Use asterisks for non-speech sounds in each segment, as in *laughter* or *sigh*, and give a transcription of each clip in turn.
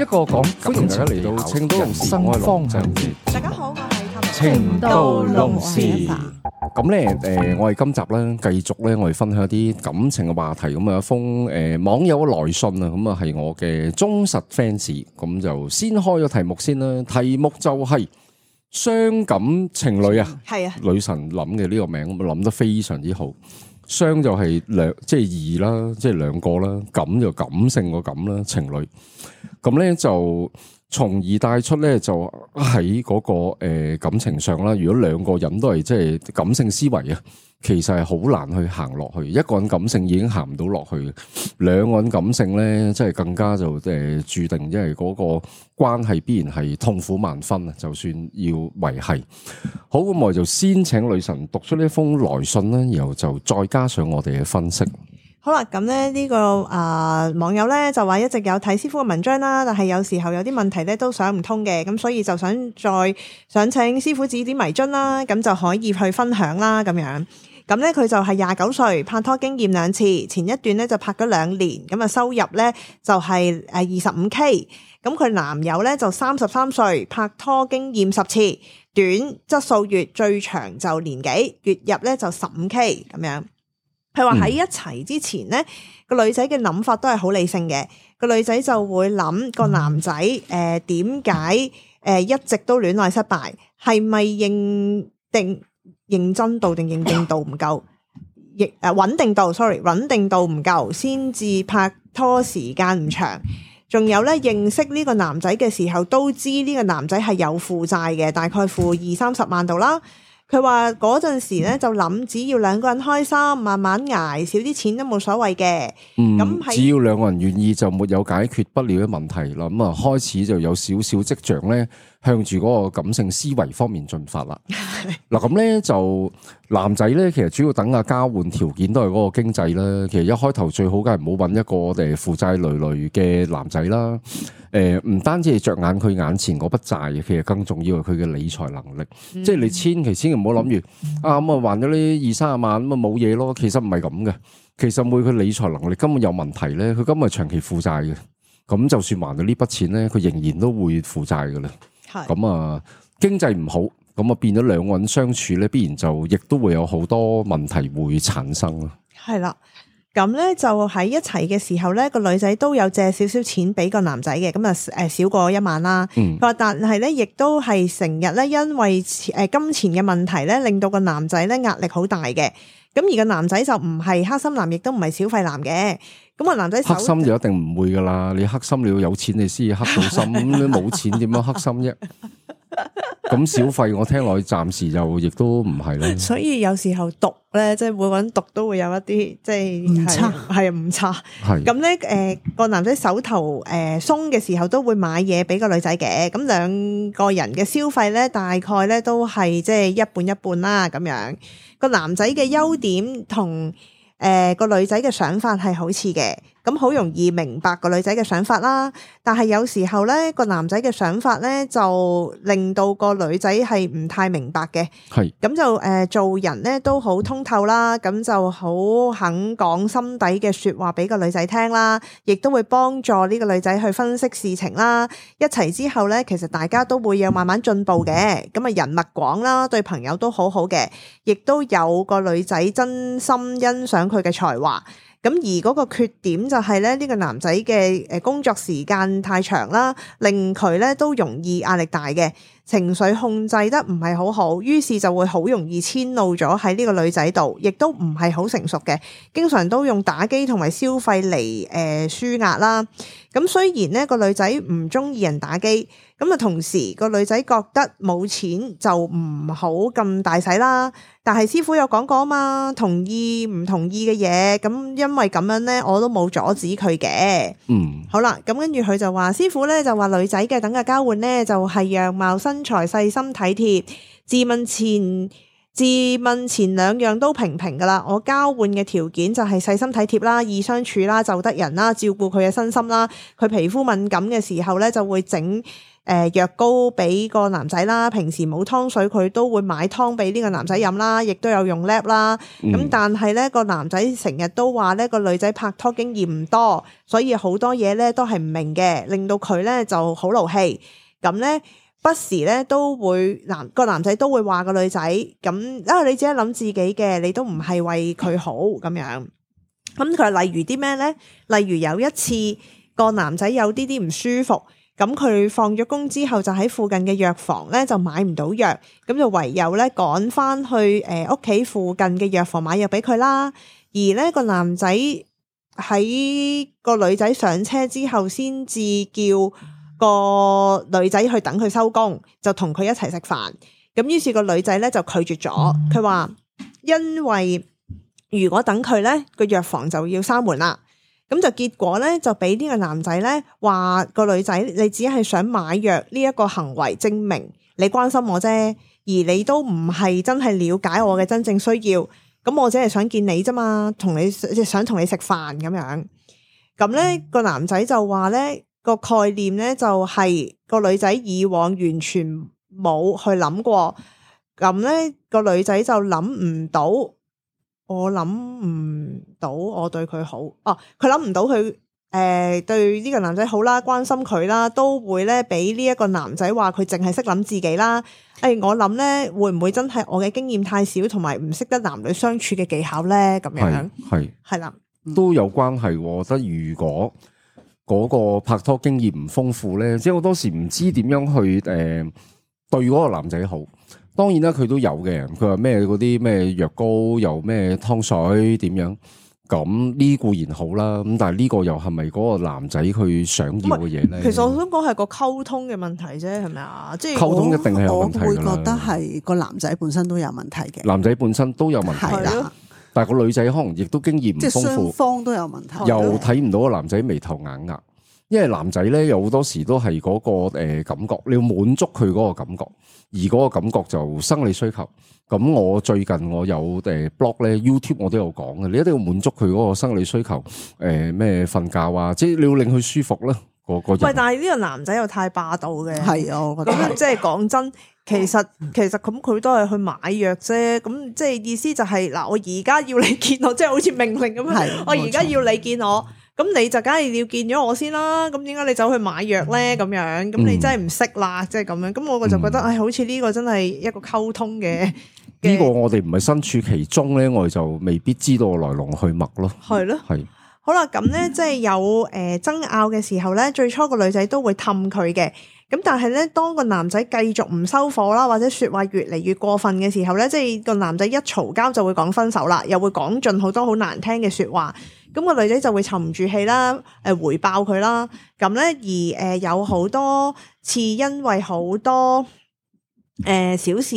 一個講，歡迎大家嚟到《情到龍匙開朗》節目。大家好，我係《情到龍匙》。咁咧，誒、呃，我哋今集咧繼續咧，我哋分享啲感情嘅話題。咁啊，一封、呃、誒網友嘅來信啊，咁啊係我嘅忠實 fans。咁就先開咗題目先啦。題目就係雙感情侶啊，係啊，女神諗嘅呢個名，諗得非常之好。雙就係兩，即係二啦，即係兩個啦，感就感性個感啦，情侶咁咧就從而帶出咧就喺嗰、那個誒、呃、感情上啦。如果兩個人都係即係感性思維啊。其實係好難去行落去，一個人感性已經行唔到落去嘅，兩個人感性咧，即係更加就誒注定，因為嗰個關係必然係痛苦萬分啊！就算要維繫，好，咁我就先請女神讀出呢一封來信啦，然後就再加上我哋嘅分析。好啦，咁咧呢個啊、呃、網友咧就話一直有睇師傅嘅文章啦，但係有時候有啲問題咧都想唔通嘅，咁所以就想再想請師傅指點迷津啦，咁就可以去分享啦，咁樣。咁咧，佢就係廿九歲，拍拖經驗兩次，前一段咧就拍咗兩年，咁啊收入咧就係誒二十五 k。咁佢男友咧就三十三歲，拍拖經驗十次，短則數月，最長就年幾，月入咧就十五 k 咁樣。佢話喺一齊之前咧，個女仔嘅諗法都係好理性嘅，個女仔就會諗個男仔誒點解誒一直都戀愛失敗，係咪認定？認真度定認定度唔夠，亦、啊、誒穩定度，sorry，穩定度唔夠，先至拍拖時間唔長。仲有咧，認識呢個男仔嘅時候，都知呢個男仔係有負債嘅，大概負二三十萬度啦。佢話嗰陣時咧就諗，只要兩個人開心，慢慢捱，少啲錢都冇所謂嘅。嗯，咁係只要兩個人願意，就沒有解決不了嘅問題啦。咁啊，開始就有少少跡象咧。向住嗰個感性思維方面進發啦。嗱， *laughs* 咁咧就男仔咧，其實主要等下交換條件都係嗰個經濟啦。其實一開頭最好梗係唔好揾一個我哋負債累累嘅男仔啦。誒、呃，唔單止係着眼佢眼前嗰筆債，其實更重要係佢嘅理財能力。嗯、即係你千祈千祈唔好諗住啊，咁啊還咗呢二三十萬咁啊冇嘢咯。其實唔係咁嘅，其實每個理財能力根本有問題咧。佢根本係長期負債嘅，咁就算還咗呢筆錢咧，佢仍然都會負債噶啦。咁啊，經濟唔好，咁啊變咗兩個人相處咧，必然就亦都會有好多問題會產生咯。係啦，咁咧就喺一齊嘅時候咧，個女仔都有借少少錢俾個男仔嘅，咁啊誒少過一萬啦。佢話，但係咧亦都係成日咧，因為誒金錢嘅問題咧，令到個男仔咧壓力好大嘅。咁而個男仔就唔係黑心男，亦都唔係小費男嘅。咁啊，男仔黑心就一定唔會噶啦。你黑心你要有錢你先至黑到心，你冇 *laughs* 錢點樣黑心啫？咁 *laughs* 小費我聽落去暫時就亦都唔係啦。所以有時候毒咧，即係會搵毒都會有一啲即係唔差，係啊唔差。係咁咧，誒個、呃、男仔手頭誒鬆嘅時候都會買嘢俾個女仔嘅。咁兩個人嘅消費咧，大概咧都係即係一半一半啦，咁樣。個男仔嘅優點同。誒、呃、個女仔嘅想法係好似嘅，咁好容易明白個女仔嘅想法啦。但係有時候呢，個男仔嘅想法呢，就令到個女仔係唔太明白嘅。係咁是就誒、呃、做人呢，都好通透啦，咁就好肯講心底嘅説話俾個女仔聽啦，亦都會幫助呢個女仔去分析事情啦。一齊之後呢，其實大家都會有慢慢進步嘅。咁啊，人脈廣啦，對朋友都好好嘅，亦都有個女仔真心欣賞。佢嘅才華，咁而嗰個缺點就係咧呢個男仔嘅、誒工作時間太長啦，令佢咧都容易壓力大嘅。情緒控制得唔係好好，於是就會好容易遷怒咗喺呢個女仔度，亦都唔係好成熟嘅，經常都用打機同埋消費嚟誒舒壓啦。咁雖然呢個女仔唔中意人打機，咁啊同時個女仔覺得冇錢就唔好咁大使啦。但係師傅有講過啊嘛，同意唔同意嘅嘢，咁因為咁樣呢，我都冇阻止佢嘅。嗯，好啦，咁跟住佢就話師傅呢，就話女仔嘅等價交換呢，就係樣貌新。才細心體貼，自問前自問前兩樣都平平噶啦。我交換嘅條件就係細心體貼啦，易相處啦，就得人啦，照顧佢嘅身心啦。佢皮膚敏感嘅時候咧，就會整誒藥膏俾個男仔啦。平時冇湯水，佢都會買湯俾呢個男仔飲啦，亦都有用 lap 啦、嗯。咁但係咧個男仔成日都話咧個女仔拍拖經驗唔多，所以好多嘢咧都係唔明嘅，令到佢咧就好勞氣。咁咧。不時咧都會男個男仔都會話個女仔咁，因為你只係諗自己嘅，你都唔係為佢好咁樣。咁佢例如啲咩呢？例如有一次個男仔有啲啲唔舒服，咁佢放咗工之後就喺附近嘅藥房呢就買唔到藥，咁就唯有呢趕翻去誒屋企附近嘅藥房買藥俾佢啦。而呢個男仔喺個女仔上車之後先至叫。個女仔去等佢收工，就同佢一齊食飯。咁於是個女仔咧就拒絕咗，佢話因為如果等佢呢，個藥房就要閂門啦。咁就結果呢，就俾呢個男仔呢話個女仔，你只係想買藥呢一個行為證明你關心我啫，而你都唔係真係了解我嘅真正需要。咁我只係想見你啫嘛，同你想同你食飯咁樣。咁呢個男仔就話呢。個概念呢、就是，就係個女仔以往完全冇去諗過，咁、那、呢個女仔就諗唔到，我諗唔到我對佢好。哦、啊，佢諗唔到佢誒、呃、對呢個男仔好啦，關心佢啦，都會呢俾呢一個男仔話佢淨係識諗自己啦。誒、欸，我諗呢，會唔會真係我嘅經驗太少，同埋唔識得男女相處嘅技巧呢？咁樣係係是是 啦，嗯、都有關係，啊。我覺得如果。嗰個拍拖經驗唔豐富咧，即係好多時唔知點樣去誒、呃、對嗰個男仔好。當然啦，佢都有嘅，佢話咩嗰啲咩藥膏又咩湯水點樣？咁呢固然好啦，咁但係呢個又係咪嗰個男仔佢想要嘅嘢咧？其實我想講係個溝通嘅問題啫，係咪啊？即係溝通一定係有問題。我會覺得係個男仔本身都有問題嘅，男仔本身都有問題。但個女仔可能亦都經驗唔豐富，雙方都有問題，又睇唔到個男仔眉頭眼額，因為男仔咧有好多時都係嗰個誒感覺，你要滿足佢嗰個感覺，而嗰個感覺就生理需求。咁我最近我有誒 blog 咧，YouTube 我都有講嘅，你一定要滿足佢嗰個生理需求，誒咩瞓覺啊，即係你要令佢舒服啦。那個個喂但係呢個男仔又太霸道嘅。係啊，我覺得 *laughs* 即係講真。其實其實咁佢都係去買藥啫，咁即係意思就係、是、嗱，我而家要你見我，即、就、係、是、好似命令咁樣，嗯、我而家要你見我，咁、嗯、你就梗係要見咗我先啦。咁點解你走去買藥咧？咁樣，咁你真係唔識啦，即係咁樣。咁我就覺得，唉、嗯哎，好似呢個真係一個溝通嘅。呢個我哋唔係身處其中咧，我哋就未必知道來龍去脈咯。係咯，係。好啦，咁咧即係有誒爭拗嘅時候咧，嗯、最初個女仔都會氹佢嘅。咁但係咧，當個男仔繼續唔收火啦，或者說話越嚟越過分嘅時候咧，即係個男仔一嘈交就會講分手啦，又會講盡好多好難聽嘅說話，咁個女仔就會沉唔住氣啦，誒回爆佢啦，咁咧而誒有好多次因為好多誒小事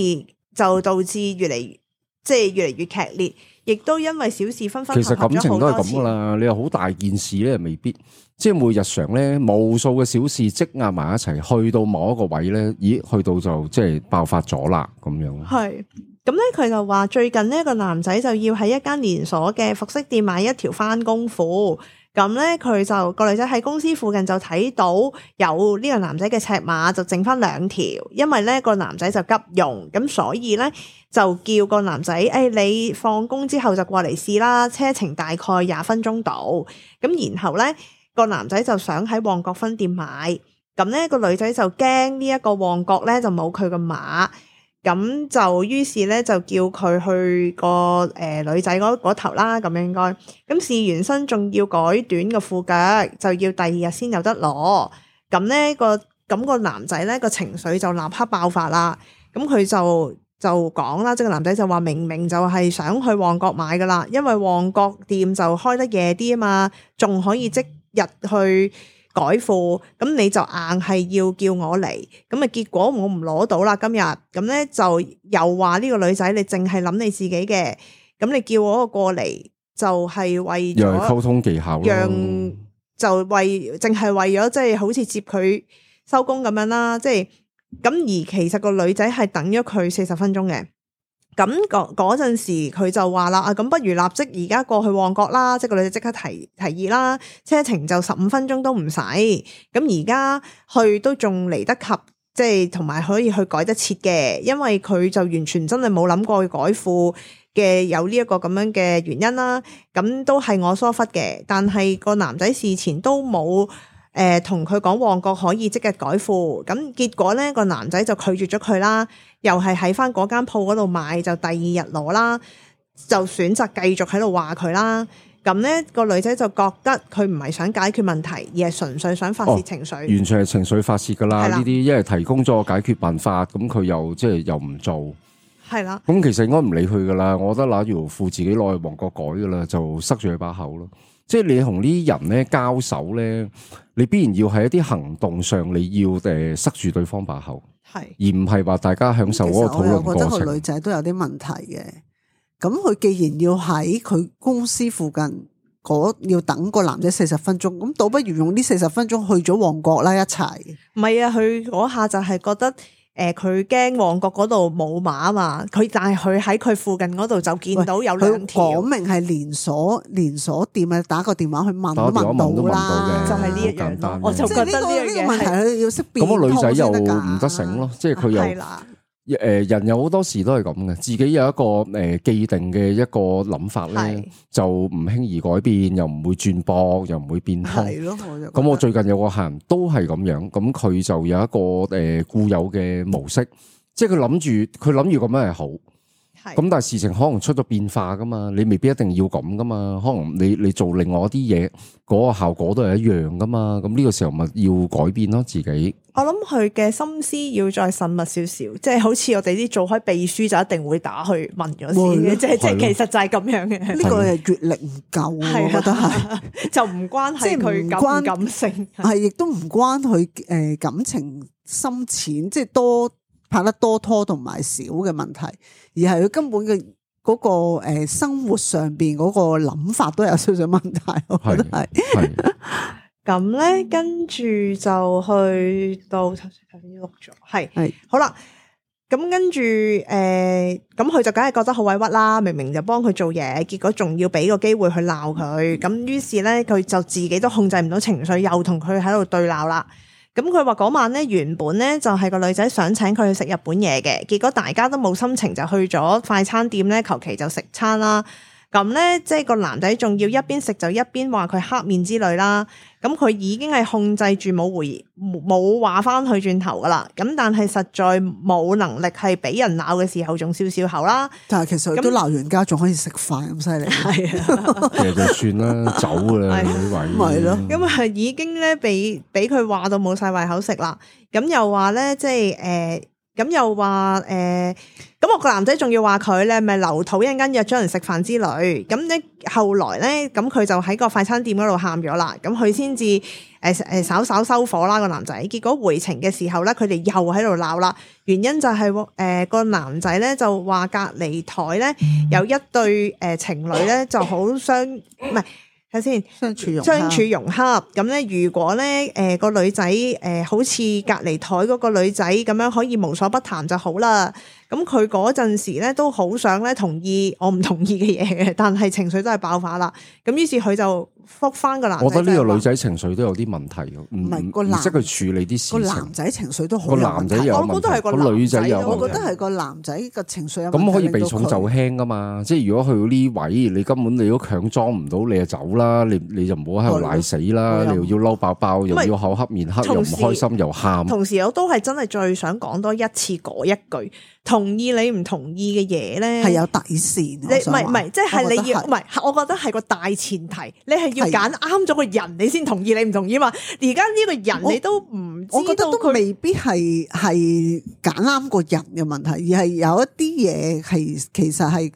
就導致越嚟越。即係越嚟越劇烈，亦都因為小事分分合合咗好多次，其實感情都係咁噶啦，你話好大件事咧，未必即係每日常咧無數嘅小事積壓埋一齊，去到某一個位咧，咦？去到就即係爆發咗啦，咁樣。係咁咧，佢就話最近呢個男仔就要喺一間連鎖嘅服飾店買一條返工褲。咁咧，佢就個女仔喺公司附近就睇到有呢個男仔嘅尺碼，就剩翻兩條。因為咧個男仔就急用，咁所以咧就叫個男仔，誒你放工之後就過嚟試啦，車程大概廿分鐘到。」咁然後咧個男仔就想喺旺角分店買，咁咧個女仔就驚呢一個旺角咧就冇佢嘅碼。咁就於是咧，就叫佢去個誒女仔嗰頭啦，咁樣應該。咁試完身仲要改短個褲腳，就要第二日先有得攞。咁、咁、咧個咁、咁個男仔咧個情緒就立刻爆發啦。咁佢就就講啦，即、那個男仔就話明明就係想去旺角買㗎喇，因為旺角店就開得夜啲啊嘛，仲可以即日去。改褲，咁你就硬係要叫我嚟，咁啊結果我唔攞到啦今日。咁咧就又話呢個女仔，你淨係諗你自己嘅，咁你叫我過嚟就係為咗溝通技巧，讓就為淨係為咗即係好似接佢收工咁樣啦，即係咁而其實個女仔係等咗佢四十分鐘嘅。咁嗰嗰陣時，佢就話啦：啊，咁不如立即而家過去旺角啦！即個女仔即刻提提議啦，車程就十五分鐘都唔使。咁而家去都仲嚟得及，即係同埋可以去改得切嘅，因為佢就完全真係冇諗過去改褲嘅有呢一個咁樣嘅原因啦。咁、啊、都係我疏忽嘅，但係個男仔事前都冇誒同佢講旺角可以即日改褲。咁結果呢個男仔就拒絕咗佢啦。又係喺翻嗰間鋪嗰度買，就第二日攞啦，就選擇繼續喺度話佢啦。咁呢、呢個女仔就覺得佢唔係想解決問題，而係純粹想發泄情緒，哦。完全係情緒發泄噶啦，呢啲一係提供咗解決辦法，咁佢又即係又唔做，係啦的。咁其實應該唔理佢噶啦，我覺得嗰條褲自己攞去旺角改噶啦，就塞住佢把口咯。即係你同啲人咧，交手咧，你必然要喺一啲行動上，你要誒塞住對方把口，係是，而唔係話大家享受嗰個討論過程，我覺得個女仔都有啲問題嘅，咁佢既然要喺佢公司附近嗰，要等個男仔四十分鐘，咁倒不如用呢四十分鐘去咗旺角啦一齊。唔係啊，佢嗰下就係覺得。誒，佢驚、呃、旺角嗰度冇碼嘛？佢但係佢喺佢附近嗰度就見到有兩條。佢講明係連鎖連鎖店啊，打個電話去問都問到啦，問問到就係呢樣。我就覺得呢、這個這個這個問題佢是要識變通先得嘅。咁個女仔又唔得醒咯，即係佢又。啊誒，人有好多時都係咁嘅，自己有一個誒既定嘅一個諗法咧，的就唔輕易改變，又唔會轉播，又唔會變通。係咯，我就咁。我最近有個客人都係咁樣，咁佢就有一個誒固有嘅模式，即係佢諗住佢諗住咁樣係好。咁但係事情可能出咗變化噶嘛，你未必一定要咁噶嘛。可能你你做另外一啲嘢，嗰、那個效果都係一樣噶嘛。咁呢個時候咪要改變咯，自己。我諗佢嘅心思要再慎密少少，即係好似我哋啲做開秘書就一定會打去問咗先嘅，的即係即係其實就係咁樣嘅。呢的個係閱歷唔夠，的我覺得係是的 *laughs* 就唔關係佢感唔感性，亦都唔關佢誒感情深淺，即係多。拍得多拖同埋少嘅問題，而係佢根本嘅嗰個誒生活上邊嗰個諗法都有少少問題咯。係的，咁咧跟住就去到頭先錄咗，係係好啦。咁跟住誒，咁佢就梗係覺得好、嗯、覺得委屈啦。明明就幫佢做嘢，結果仲要俾個機會去鬧佢。咁於是咧，佢就自己都控制唔到情緒，又同佢喺度對鬧啦。咁佢話嗰晚咧，原本咧就係個女仔想請佢去食日本嘢嘅，結果大家都冇心情，就去咗快餐店咧，求其就食餐啦。咁咧，即係個男仔仲要一邊食就一邊話佢黑面之類啦。咁佢已經係控制住冇回冇話翻去轉頭噶啦。咁但係實在冇能力係俾人鬧嘅時候，仲笑笑口啦。但係其實都鬧完家，仲可以食飯咁犀利。係啊，其實就算啦，走㗎啦，都懷係咯。咁係已經咧，俾俾佢話到冇晒胃口食啦。咁又話咧，即係誒。咁又話誒，咁、呃、我、那個男仔仲要話佢咧，咪留肚一陣間約咗人食飯之類。咁呢後來咧，咁佢就喺個快餐店嗰度喊咗啦。咁佢先至誒誒，稍稍收火啦個男仔。結果回程嘅時候咧，佢哋又喺度鬧啦。原因就係、是、誒、呃、個男仔咧就話隔籬枱，咧有一對誒情侶咧就好傷唔係。呃 *laughs* 睇先，看看相處融洽。咁咧，如果咧，誒、呃呢個女仔誒、呃、好似隔離台嗰個女仔咁樣，可以無所不談就好啦。咁佢嗰陣時咧都好想咧同意我唔同意嘅嘢，但係情緒都係爆發啦。咁於是佢就復翻個男。我覺得呢個女仔情緒都有啲問題。唔明個男，即係佢處理啲事情。男仔情緒都好有問題。我本都係個男仔，我覺得係個男仔嘅情緒。咁可以避重就輕噶嘛？即係如果去到呢位，你根本你都強裝唔到，你就走啦！你你就唔好喺度賴死啦！你又要嬲爆爆，又要口黑面黑，又唔開心，又喊。同時，我都係真係最想講多一次嗰一句。同意你唔同意嘅嘢咧，係有底線。你唔係唔係，即係、就是、你要唔係？我覺得係個大前提，你係要揀啱咗個人，你先同意你唔同意嘛。而家呢個人你都唔知道，我覺得都未必係係揀啱個人嘅問題，而係有一啲嘢係其實係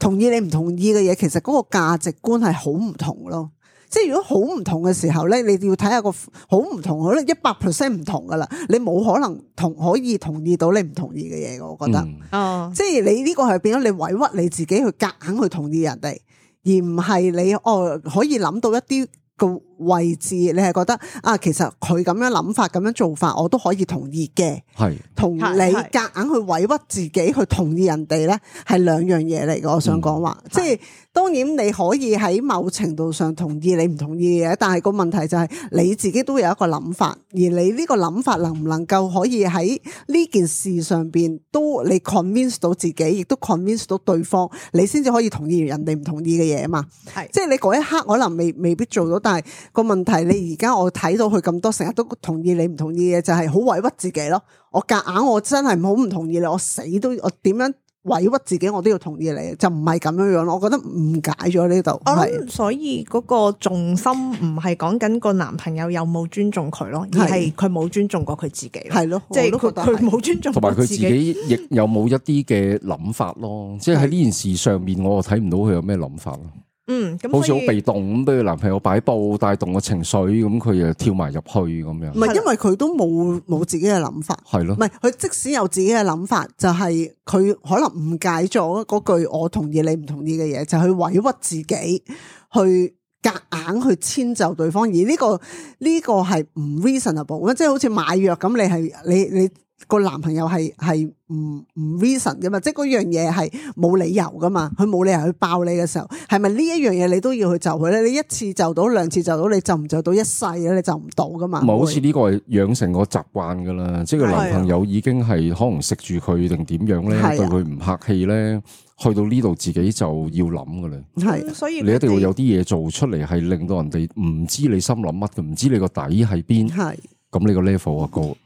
同意你唔同意嘅嘢，其實嗰個價值觀係好唔同咯。即係如果好唔同嘅時候咧，你要睇下個好唔同，可能一百 percent 唔同噶啦，你冇可能同可以同意到你唔同意嘅嘢，我覺得，哦、嗯，即係你呢個係變咗你委屈你自己去夾硬去同意人哋，而唔係你哦可以諗到一啲個。位置你係覺得啊，其實佢咁樣諗法、咁樣做法，我都可以同意嘅。係同是你夾硬，硬去委屈自己去同意人哋咧，係兩樣嘢嚟嘅。我想講話，即係當然你可以喺某程度上同意你唔同意嘅，但係個問題就係你自己都有一個諗法，而你呢個諗法能唔能夠可以喺呢件事上邊都你 convince 到自己，亦都 convince 到對方，你先至可以同意人哋唔同意嘅嘢啊嘛。係是即係你嗰一刻可能未未必做到，但係。個問題你，你而家我睇到佢咁多成日都同意你唔同意嘅，就係、是、好委屈自己咯。我夾硬、硬，我真係唔好唔同意你，我死都，我點樣委屈自己，我都要同意你，就唔係咁樣樣咯。我覺得誤解咗呢度。所以嗰個重心唔係講緊個男朋友有冇尊重佢咯，而係佢冇尊重過佢自己。係咯的，即係佢冇尊重。同埋佢自己亦有冇一啲嘅諗法咯？ *laughs* 即係喺呢件事上面，我睇唔到佢有咩諗法咯。嗯，好似好被動咁，俾佢男朋友擺佈帶動個情緒，咁佢又跳埋入去咁樣。唔係因為佢都冇冇自己嘅諗法，係咯？唔係佢即使有自己嘅諗法，就係佢可能誤解咗嗰句我同意你唔同意嘅嘢，就去委屈自己，去夾硬去遷就對方。而呢個呢個係唔 reasonable，即係好似買藥咁，你係你你。個男朋友係係唔唔 reason 噶嘛？即係嗰樣嘢係冇理由噶嘛？佢冇理由去爆你嘅時候，係咪呢一樣嘢你都要去就佢咧？你一次就到，兩次就到，你就唔就到一世咧？你就唔到噶嘛？唔係，好似呢個係養成個習慣噶啦，即係個男朋友已經係可能食住佢定點樣咧，對佢唔客氣咧，去到呢度自己就要諗噶啦。係，所以你一定會有啲嘢做出嚟，係令到人哋唔知你心諗乜嘅，唔知你個底喺邊。係，咁你個 level 啊高。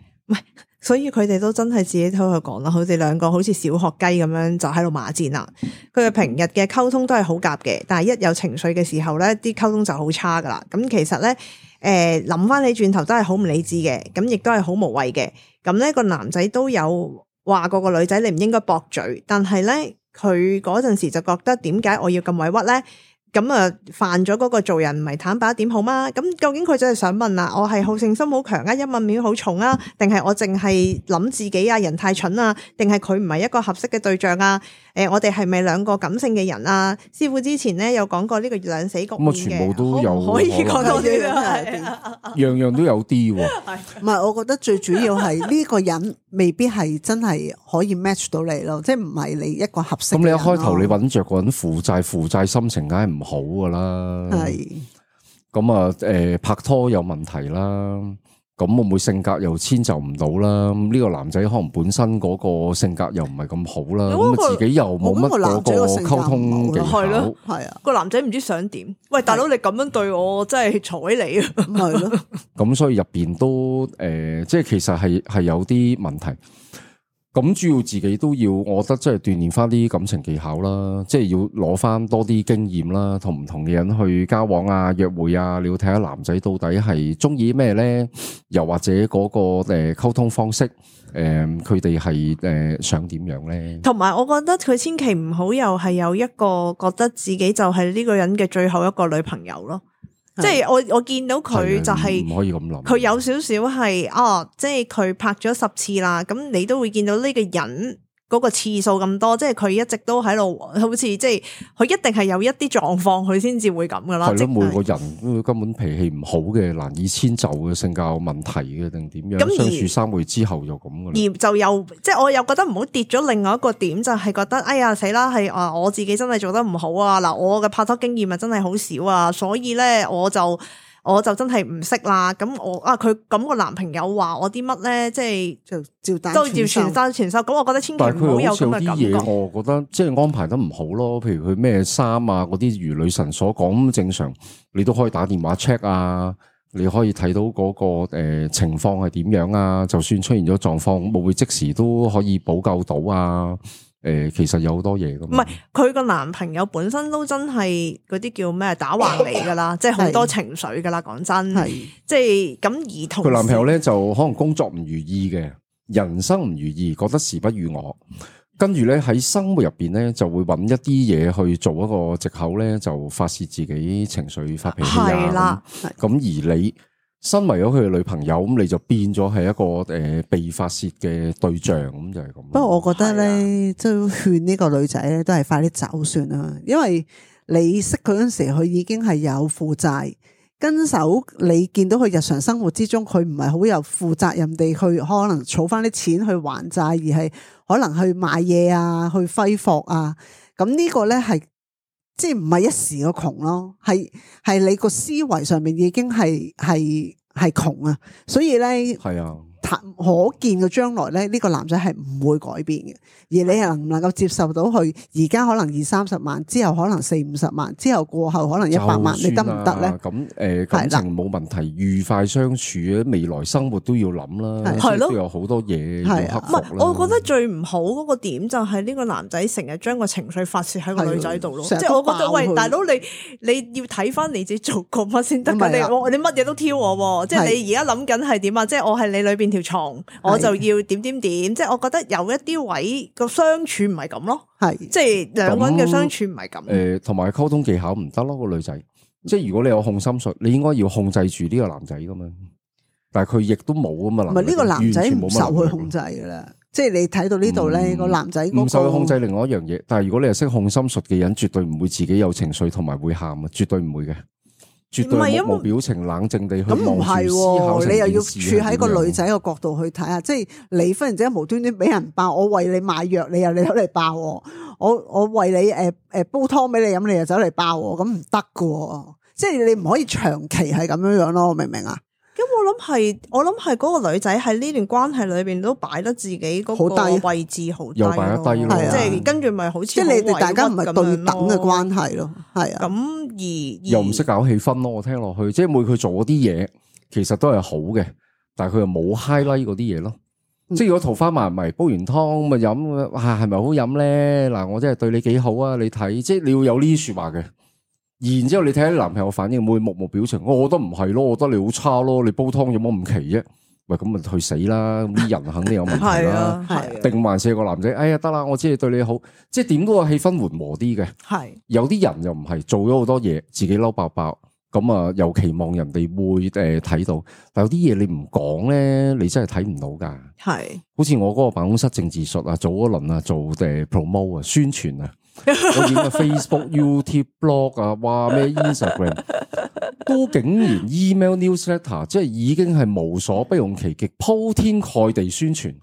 所以佢哋都真係自己偷偷講啦，好似兩個好似小學雞咁樣就喺度罵戰啦。佢哋平日嘅溝通都係好夾嘅，但係一有情緒嘅時候咧，啲溝通就好差噶啦。咁其實咧，誒諗翻你轉頭都係好唔理智嘅，咁亦都係好無謂嘅。咁呢個男仔都有話過個女仔你唔應該駁嘴，但係咧佢嗰陣時就覺得點解我要咁委屈咧？咁啊，犯咗嗰個做人唔係坦白一點好嗎？咁究竟佢真係想問啊？我係好勝心好強啊，一問面好重啊，定係我淨係諗自己啊？人太蠢啊？定係佢唔係一個合適嘅對象啊？誒、呃，我哋係咪兩個感性嘅人啊？師傅之前咧有講過呢個兩死局，全部都有可，可以講到啲嘅， *laughs* 樣樣都有啲。唔係 *laughs* 我覺得最主要係呢個人未必係真係可以 match 到你咯，即係唔係你一個合適。咁你一開頭你揾著個人負債，負債心情梗係。唔好噶啦，係咁啊！誒，拍拖有問題啦，咁會唔會性格又遷就唔到啦？呢個男仔可能本身嗰個性格又唔係咁好啦，咁自己又冇乜嗰個溝通技巧，係啊，個男仔唔知想點？喂，大佬你咁樣對我，真係睬你啊，係咯？咁所以入邊都誒，即係其實係係有啲問題。咁主要自己都要，我覺得即係鍛煉翻啲感情技巧啦，即係要攞翻多啲經驗啦，同唔同嘅人去交往啊、約會啊，你要睇下男仔到底係中意咩呢？又或者嗰個誒溝通方式，誒佢哋係誒想點樣呢？同埋，我覺得佢千祈唔好又係有一個覺得自己就係呢個人嘅最後一個女朋友咯。即係我我見到佢就係、是，唔可以咁諗。佢有少少係，哦，即係佢拍咗十次啦，咁你都會見到呢個人。嗰個次數咁多，即係佢一直都喺度，好似即係佢一定係有一啲狀況，佢先至會咁噶啦。係咯，每個人根本脾氣唔好嘅，難以遷就嘅性格問題嘅，定點樣而咁相處三個月之後就咁嘅。而就又即係我又覺得唔好跌咗另外一個點，就係、是、覺得哎呀死啦，係啊我自己真係做得唔好啊！嗱，我嘅拍拖經驗真係好少啊，所以咧我就。我就真係唔識啦，咁我啊佢咁個男朋友話我啲乜咧，即係就，就照全收都照全收全收。咁我覺得千祈唔好有咁嘅感覺。我覺得即係安排得唔好咯。譬如佢咩衫啊，嗰啲如女神所講咁正常，你都可以打電話 check 啊，你可以睇到嗰、嗰個、呃、情況係點樣啊。就算出現咗狀況，會唔會即時都可以補救到啊？誒，其實有好多嘢噶。唔係佢個男朋友本身都真係嗰啲叫咩打橫嚟噶啦， *laughs* 即係好多情緒噶啦。講真，是的 即係咁而同佢男朋友咧，就可能工作唔如意嘅，人生唔如意，覺得事不如我。跟住咧喺生活入邊咧，就會揾一啲嘢去做一個藉口，咧，就發洩自己情緒、發脾氣啦。咁而你。身為咗佢嘅女朋友，咁你就變咗係一個誒被發泄嘅對象，咁就係、是、咁。不過我覺得咧，即係是的勸呢個女仔咧，都係快啲走算啦。因為你識佢嗰陣時，佢已經係有負債。跟手你見到佢日常生活之中，佢唔係好有負責任地去可能儲返啲錢去還債，而係可能去買嘢啊，去揮霍啊。咁呢個咧係。即係唔係一時嘅窮咯，係係你個思維上面已經係係係窮啊，所以咧，係啊。可見嘅將來咧，呢個男仔係唔會改變嘅，而你又能唔能夠接受到佢而家可能二三十萬，之後可能四五十萬，之後過後可能一百萬，你得唔得咧？咁誒，感情冇問題，愉快相處，未來生活都要諗啦，係咯，都有好多嘢要克服咧。唔係，我覺得最唔好嗰個點就係呢個男仔成日將個情緒發洩喺個女仔度咯，即係我覺得喂，大佬你，你要睇翻你自己做過乜先得，你，你乜嘢都挑我，即係你而家諗緊係點啊？即係我係你裏邊。條蟲，我就要點點點，是的 即係我覺得有一啲位個相處唔係咁咯，係是的 即係兩個人嘅相處唔係咁。誒、呃，同埋溝通技巧唔得咯，個女仔，即係如果你有控心術，你應該要控制住呢個男仔噶嘛。但係佢亦都冇吖嘛，唔係呢個男仔唔受佢控制噶啦。即係你睇到呢度咧，嗯，男那個男仔唔受佢控制。另外一樣嘢，但係如果你係識控心術嘅人，絕對唔會自己有情緒同埋會喊啊，絕對唔會嘅。唔係冇表情，冷靜地去咁。唔係，你又要處喺個女仔嘅角度去睇下。即係你忽然之間無端端俾人爆，我為你買藥，你又你走嚟爆我，我我為你誒誒煲湯俾你飲，你又走嚟爆我，咁唔得噶，即係你唔可以長期係咁樣樣咯，我明唔明啊？咁我諗係，我諗係嗰個女仔喺呢段關係裏邊都擺得自己嗰個位置好低、啊、又擺得低咯，即係、啊、跟住咪好似即係你哋大家唔係對等嘅關係咯，係啊。咁、啊、而，而又唔識搞氣氛咯，我聽落去，即係每佢做啲嘢，其實都係好嘅，但係佢又冇 highlight 嗰啲嘢咯。嗯、即係如果桃花麻咪煲完湯咪飲啊，係咪好飲咧？嗱、啊，我真係對你幾好啊，你睇，即係你要有呢啲說話嘅。然之後你睇下你男朋友反應，會木木表情。我覺得唔係咯，我覺得你好差咯，你煲湯有冇咁奇啫？喂，咁咪去死啦！咁啲人肯定有問題啦， *laughs* 啊啊、定還四個男仔？哎呀，得啦，我只係對你好，即係點嗰個氣氛緩和啲嘅。係是有啲人又唔係做咗好多嘢，自己嬲爆爆，咁啊尤其望人哋會誒睇到，但有啲嘢你唔講咧，你真係睇唔到噶。係是，好似我嗰個辦公室政治術啊，早一輪啊，做誒 promote 啊，宣傳啊。 *laughs* 我見咩 Facebook、YouTube、blog 啊，話咩 Instagram 都竟然 email newsletter，即係已經係無所不用其極，鋪天蓋地宣傳，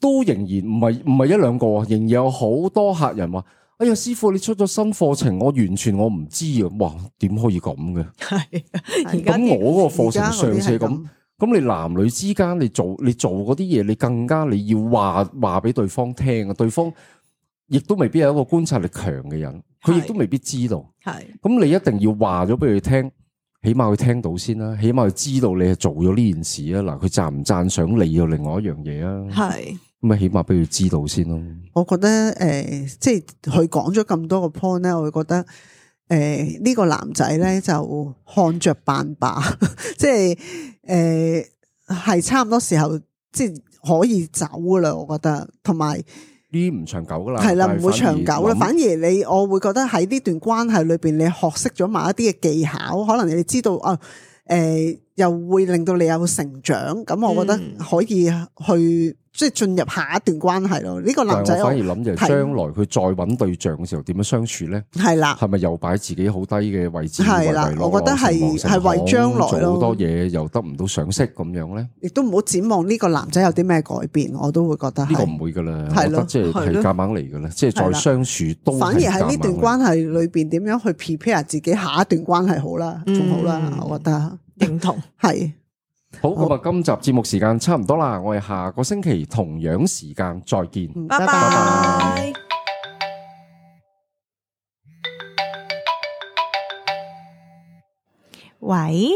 都仍然唔係唔係一兩個，仍然有好多客人話，哎呀，師傅你出咗新課程，我完全我唔知啊！哇，點可以咁嘅？係咁 *laughs* 的我個課程尚且咁，咁你男女之間你做你做嗰啲嘢，你更加你要話話俾對方聽啊，對方。亦都未必係一個觀察力強嘅人，佢亦都未必知道。係咁，你一定要話咗俾佢聽，是的 起碼佢聽到先啦，起碼佢知道你係做咗呢件事啊！嗱，佢讚唔讚賞你又另外一樣嘢啊？係咁啊，起碼俾佢知道先咯是的、呃。我覺得誒，即係佢講咗咁多個 point 咧，我會覺得誒，呢個男仔咧就看着辦吧， *laughs* 即係誒係差唔多時候，即係可以走啦。我覺得同埋。啲唔長久噶啦，係啦的，唔會長久啦。反而你，我會覺得喺呢段關係裏邊，你學識咗某一啲嘅技巧，可能你哋知道啊，誒、呃。又會令到你有成長，咁我覺得可以去即係進入下一段關係咯。呢個男仔我反而諗住將來佢再搵對象嘅時候，點樣相處咧？係啦，係咪又擺自己好低嘅位置？係啦，我覺得係係為將來咯。做好多嘢又得唔到賞識咁樣咧？亦都唔好展望呢個男仔有啲咩改變，我都會覺得呢個唔會噶啦，覺得即係夾硬嚟噶咧，即係再相處都係夾硬。反而喺呢段關係裏邊，點樣去 prepare 自己下一段關係好啦，仲好啦，我覺得。認同係好，咁啊！今集節目時間差唔多啦，好我哋下個星期同樣時間再見，拜拜 bye bye。喂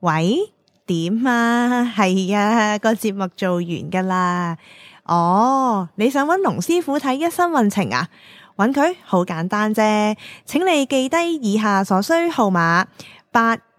喂，點啊？係呀，個節目做完噶啦。哦，你想揾龍師傅睇一生運程啊？揾佢好簡單啫，請你記低以下所需號碼八。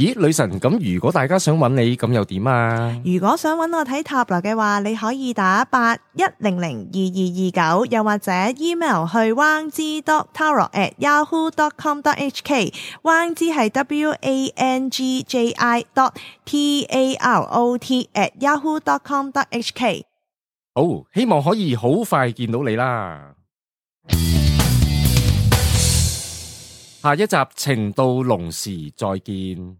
咦，女神咁，如果大家想揾你咁又點啊？如果想揾我睇塔羅嘅話，你可以打八一零零二二二九，又或者 email 去 wangzi.tarot@yahoo.com.hk，wangzi 係 w-a-n-g-j-i.dot.t-a-l-o-t.at.yahoo.com.hk。好，希望可以好快見到你啦。下一集情到龍匙再見。